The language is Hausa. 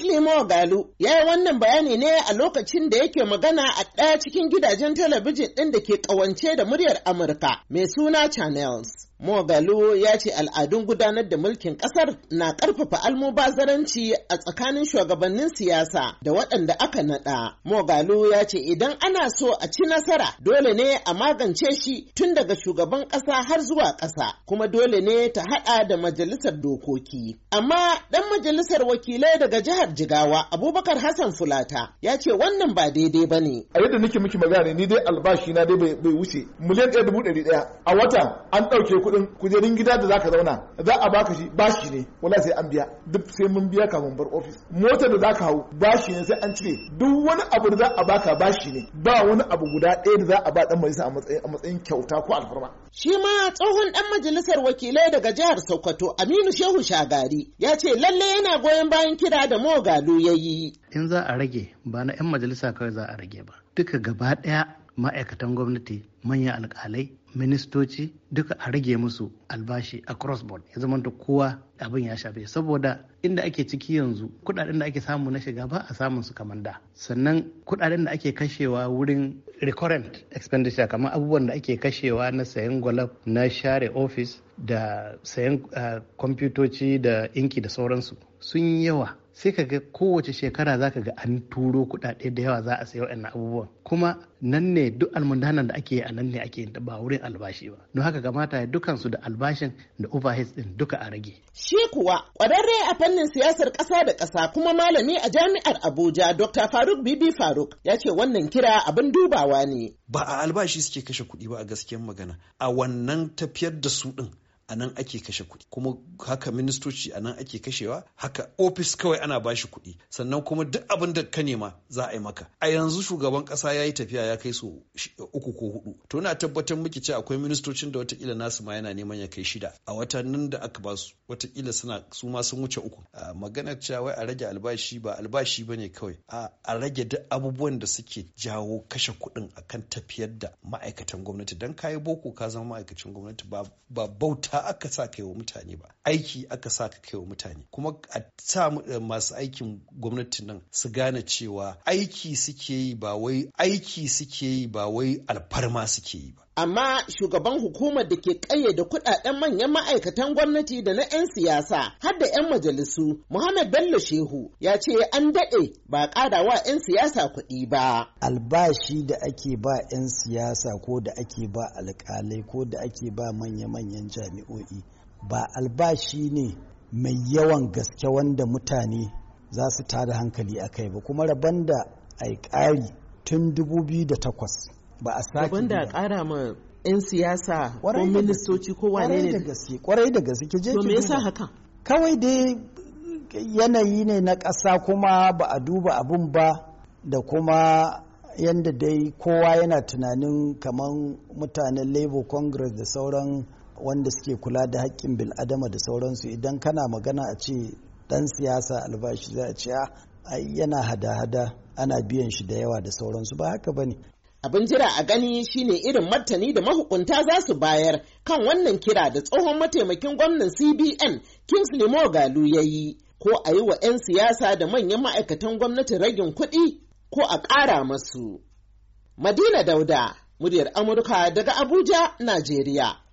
Muslimo Galu ya yi wannan bayani ne a lokacin da yake magana a ɗaya cikin gidajen talabijin ɗin da ke ƙawance da muryar Amurka mai suna Channels. Mogalo ya ce al'adun gudanar da mulkin ƙasar na ƙarfafa almubazaranci a tsakanin shugabannin siyasa da waɗanda aka naɗa. Mogalo ya ce idan ana so a ci nasara dole ne a magance shi tun daga shugaban ƙasa har zuwa ƙasa kuma dole ne ta haɗa da majalisar dokoki. Amma ɗan majalisar wakilai daga jihar Jigawa Abubakar Hassan Fulata ya ce wannan ba daidai ba ne. A yadda nake miki magana ni dai albashi na dai bai wuce miliyan ɗaya dubu ɗari ɗaya a wata an ɗauke kuɗin kujerun gida da ka zauna za a baka shi bashi ne wala sai an biya duk sai mun biya kafin bar ofis motar da zaka hau bashi ne sai an cire duk wani abu da za a baka bashi ne ba wani abu guda ɗaya da za a ba dan majalisa a matsayin a matsayin kyauta ko alfarma shi ma tsohon dan majalisar wakilai daga jihar Sokoto Aminu Shehu Shagari ya ce lalle yana goyon bayan kira da Mogalu yayi in za a rage ba na 'yan majalisa kawai za a rage ba duka gaba ɗaya ma'aikatan gwamnati manyan alkalai ministoci duka a rage musu albashi a cross board ya zama da kowa abin ya shafe saboda inda ake ciki yanzu kudaden da ake samu na shiga ba a samun su kamar da sannan kudaden da ake kashewa wurin recurrent expenditure kamar abubuwan da ake kashewa na sayan gwalab na share office da sayan ah, kwamfutoci da inki da sauransu sun yawa sai ka ga kowace shekara za ka ga an turo kuɗaɗe da yawa za a sayo wa'annan abubuwan kuma nan ne duk almundanan da ake yi a nan ne ake ba wurin albashi ba don haka kamata ya dukansu da albashin da overheads din duka a rage shi kuwa ƙwararre a fannin siyasar ƙasa da ƙasa kuma malami a jami'ar abuja dr faruk bibi faruk ya ce wannan kira abin dubawa ne ba a albashi suke kashe kuɗi ba a gaskiyar magana a wannan tafiyar da su ɗin a nan ake kashe kuɗi kuma haka ministoci a nan ake kashewa haka ofis kawai ana bashi kuɗi sannan kuma duk abin da ka nema za a yi maka a yanzu shugaban ƙasa ya yi tafiya ya kai su uku ko hudu to na tabbatar miki ce akwai ministocin da watakila nasu ma yana neman ya kai shida a watannin da aka ba su watakila suna su ma sun wuce uku magana cewa wai a rage albashi ba albashi ba ne kawai a rage duk abubuwan da suke jawo kashe kuɗin akan tafiyar da ma'aikatan gwamnati don kayi boko ka zama ma'aikacin gwamnati ba bauta doka aka sa kai mutane ba aiki aka sa ka kai wa mutane kuma a sa eh, masu aikin gwamnati nan su gane cewa aiki suke aiki suke yi ba wai alfarma suke yi ba amma shugaban hukumar da ke ƙayyade kuɗaɗen manyan ma'aikatan gwamnati da na 'yan siyasa har da 'yan majalisu Muhammad Bello Shehu ya ce an daɗe ba ƙara wa 'yan siyasa kuɗi ba. Albashi da ake ba 'yan siyasa ko da ake ba alƙalai ko da ake ba manya-manyan jami'o'i ba albashi ne mai yawan gaske wanda mutane za su tada hankali a kai ba kuma rabon da ai ƙari tun 2008 ba a sake ba da kara ma 'yan siyasa ko ministoci ko wane ne kwarai da gaske je me kawai dai yanayi ne na ƙasa kuma ba a duba abun ba da kuma yadda dai kowa yana tunanin kamar mutanen labor congress da sauran wanda suke kula da haƙƙin bil'adama da sauransu idan kana magana a ce dan siyasa albashi za a ce ah, yana hada-hada ana biyan shi da yawa da sauransu ba haka ba ne Abin jira a gani shine irin martani da mahukunta za su bayar kan wannan kira da tsohon mataimakin gwamnan CBN Kingsley Mogalu ya yi, ko a yi wa 'yan siyasa da manyan ma'aikatan gwamnati ragin kuɗi ko a ƙara masu. Madina Dauda, muryar Amurka daga Abuja, Najeriya.